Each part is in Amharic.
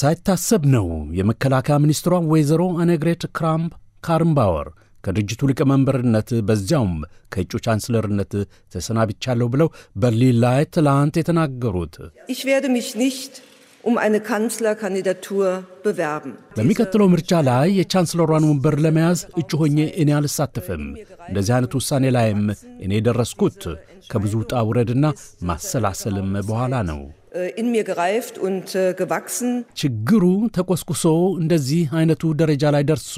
ሳይታሰብ ነው የመከላከያ ሚኒስትሯ ወይዘሮ አነግሬት ክራምፕ ካርምባወር ከድርጅቱ ሊቀመንበርነት በዚያውም ከእጩ ቻንስለርነት ተሰናብቻለሁ ብለው በርሊን ላይ ትላንት የተናገሩት ich werde mich nicht um eine Kanzlerkandidatur bewerben. በሚቀጥለው ምርጫ ላይ የቻንስለሯን ወንበር ለመያዝ እጩ ሆኜ እኔ አልሳተፍም። እንደዚህ አይነት ውሳኔ ላይም እኔ የደረስኩት ከብዙ ውጣ ውረድና ማሰላሰልም በኋላ ነው። ኢን ሚ ገራይፍት ችግሩ ተቆስቁሶ እንደዚህ አይነቱ ደረጃ ላይ ደርሶ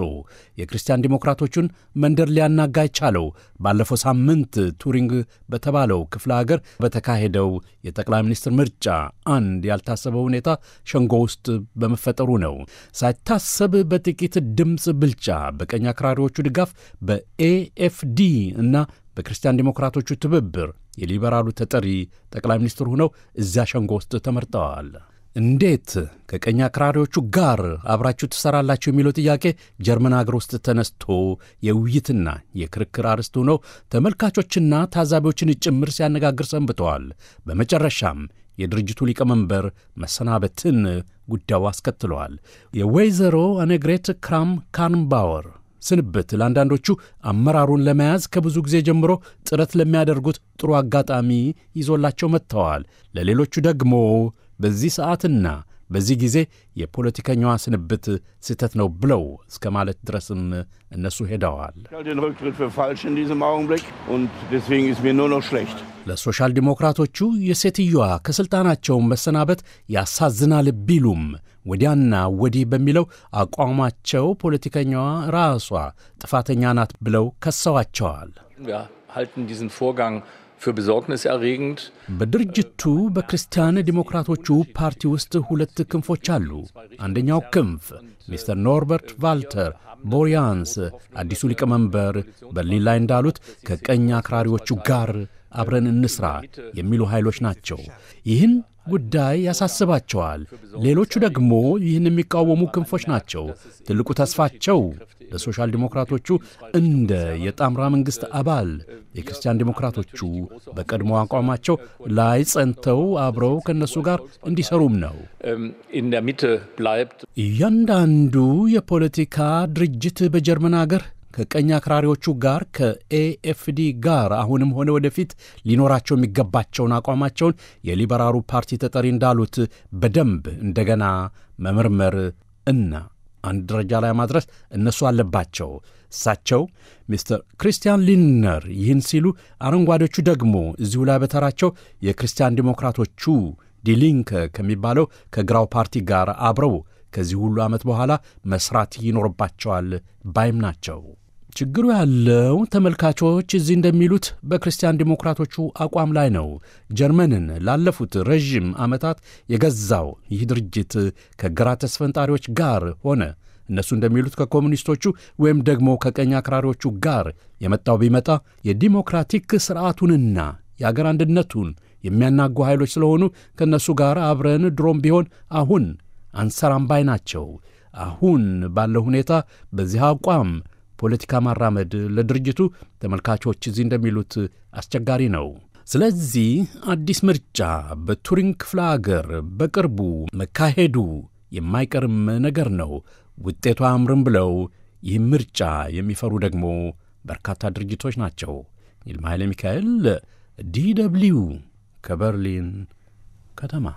የክርስቲያን ዲሞክራቶቹን መንደር ሊያናጋ ይቻለው ባለፈው ሳምንት ቱሪንግ በተባለው ክፍለ አገር በተካሄደው የጠቅላይ ሚኒስትር ምርጫ አንድ ያልታሰበ ሁኔታ ሸንጎ ውስጥ በመፈጠሩ ነው። ሳይታሰብ በጥቂት ድምፅ ብልጫ በቀኝ አክራሪዎቹ ድጋፍ በኤኤፍዲ እና በክርስቲያን ዲሞክራቶቹ ትብብር የሊበራሉ ተጠሪ ጠቅላይ ሚኒስትር ሆነው እዚያ ሸንጎ ውስጥ ተመርጠዋል። እንዴት ከቀኝ አክራሪዎቹ ጋር አብራችሁ ትሰራላችሁ የሚለው ጥያቄ ጀርመን አገር ውስጥ ተነስቶ የውይይትና የክርክር አርዕስት ሆነው ተመልካቾችና ታዛቢዎችን ጭምር ሲያነጋግር ሰንብተዋል። በመጨረሻም የድርጅቱ ሊቀመንበር መሰናበትን ጉዳዩ አስከትለዋል። የወይዘሮ አነግሬት ክራም ካንባወር ስንብት ለአንዳንዶቹ አመራሩን ለመያዝ ከብዙ ጊዜ ጀምሮ ጥረት ለሚያደርጉት ጥሩ አጋጣሚ ይዞላቸው መጥተዋል። ለሌሎቹ ደግሞ በዚህ ሰዓትና በዚህ ጊዜ የፖለቲከኛዋ ስንብት ስህተት ነው ብለው እስከ ማለት ድረስም እነሱ ሄደዋል። ለሶሻል ዲሞክራቶቹ የሴትዮዋ ከሥልጣናቸው መሰናበት ያሳዝናል ቢሉም ወዲያና ወዲህ በሚለው አቋማቸው ፖለቲከኛዋ ራሷ ጥፋተኛ ናት ብለው ከሰዋቸዋል። በድርጅቱ በክርስቲያን ዲሞክራቶቹ ፓርቲ ውስጥ ሁለት ክንፎች አሉ። አንደኛው ክንፍ ሚስተር ኖርበርት ቫልተር ቦሪያንስ አዲሱ ሊቀመንበር በርሊን ላይ እንዳሉት ከቀኝ አክራሪዎቹ ጋር አብረን እንስራ የሚሉ ኃይሎች ናቸው። ይህን ጉዳይ ያሳስባቸዋል። ሌሎቹ ደግሞ ይህን የሚቃወሙ ክንፎች ናቸው። ትልቁ ተስፋቸው ለሶሻል ዲሞክራቶቹ እንደ የጣምራ መንግሥት አባል የክርስቲያን ዲሞክራቶቹ በቀድሞ አቋማቸው ላይ ጸንተው አብረው ከእነሱ ጋር እንዲሰሩም ነው። እያንዳንዱ የፖለቲካ ድርጅት በጀርመን አገር ከቀኝ አክራሪዎቹ ጋር ከኤኤፍዲ ጋር አሁንም ሆነ ወደፊት ሊኖራቸው የሚገባቸውን አቋማቸውን የሊበራሉ ፓርቲ ተጠሪ እንዳሉት በደንብ እንደገና መመርመር እና አንድ ደረጃ ላይ ማድረስ እነሱ አለባቸው። እሳቸው ሚስተር ክሪስቲያን ሊንነር ይህን ሲሉ፣ አረንጓዴዎቹ ደግሞ እዚሁ ላይ በተራቸው የክርስቲያን ዲሞክራቶቹ ዲሊንክ ከሚባለው ከግራው ፓርቲ ጋር አብረው ከዚህ ሁሉ ዓመት በኋላ መስራት ይኖርባቸዋል ባይም ናቸው። ችግሩ ያለው ተመልካቾች እዚህ እንደሚሉት በክርስቲያን ዲሞክራቶቹ አቋም ላይ ነው። ጀርመንን ላለፉት ረዥም ዓመታት የገዛው ይህ ድርጅት ከግራ ተስፈንጣሪዎች ጋር ሆነ እነሱ እንደሚሉት ከኮሚኒስቶቹ ወይም ደግሞ ከቀኝ አክራሪዎቹ ጋር የመጣው ቢመጣ የዲሞክራቲክ ስርዓቱንና የአገር አንድነቱን የሚያናጉ ኃይሎች ስለሆኑ ከእነሱ ጋር አብረን ድሮም ቢሆን አሁን አንሰራም ባይ ናቸው። አሁን ባለው ሁኔታ በዚህ አቋም ፖለቲካ ማራመድ ለድርጅቱ ተመልካቾች እዚህ እንደሚሉት አስቸጋሪ ነው። ስለዚህ አዲስ ምርጫ በቱሪንግ ክፍለ አገር በቅርቡ መካሄዱ የማይቀርም ነገር ነው። ውጤቷ አምርም ብለው ይህ ምርጫ የሚፈሩ ደግሞ በርካታ ድርጅቶች ናቸው። ይልማ ኃይለ ሚካኤል ዲ ደብልዩ ከበርሊን ከተማ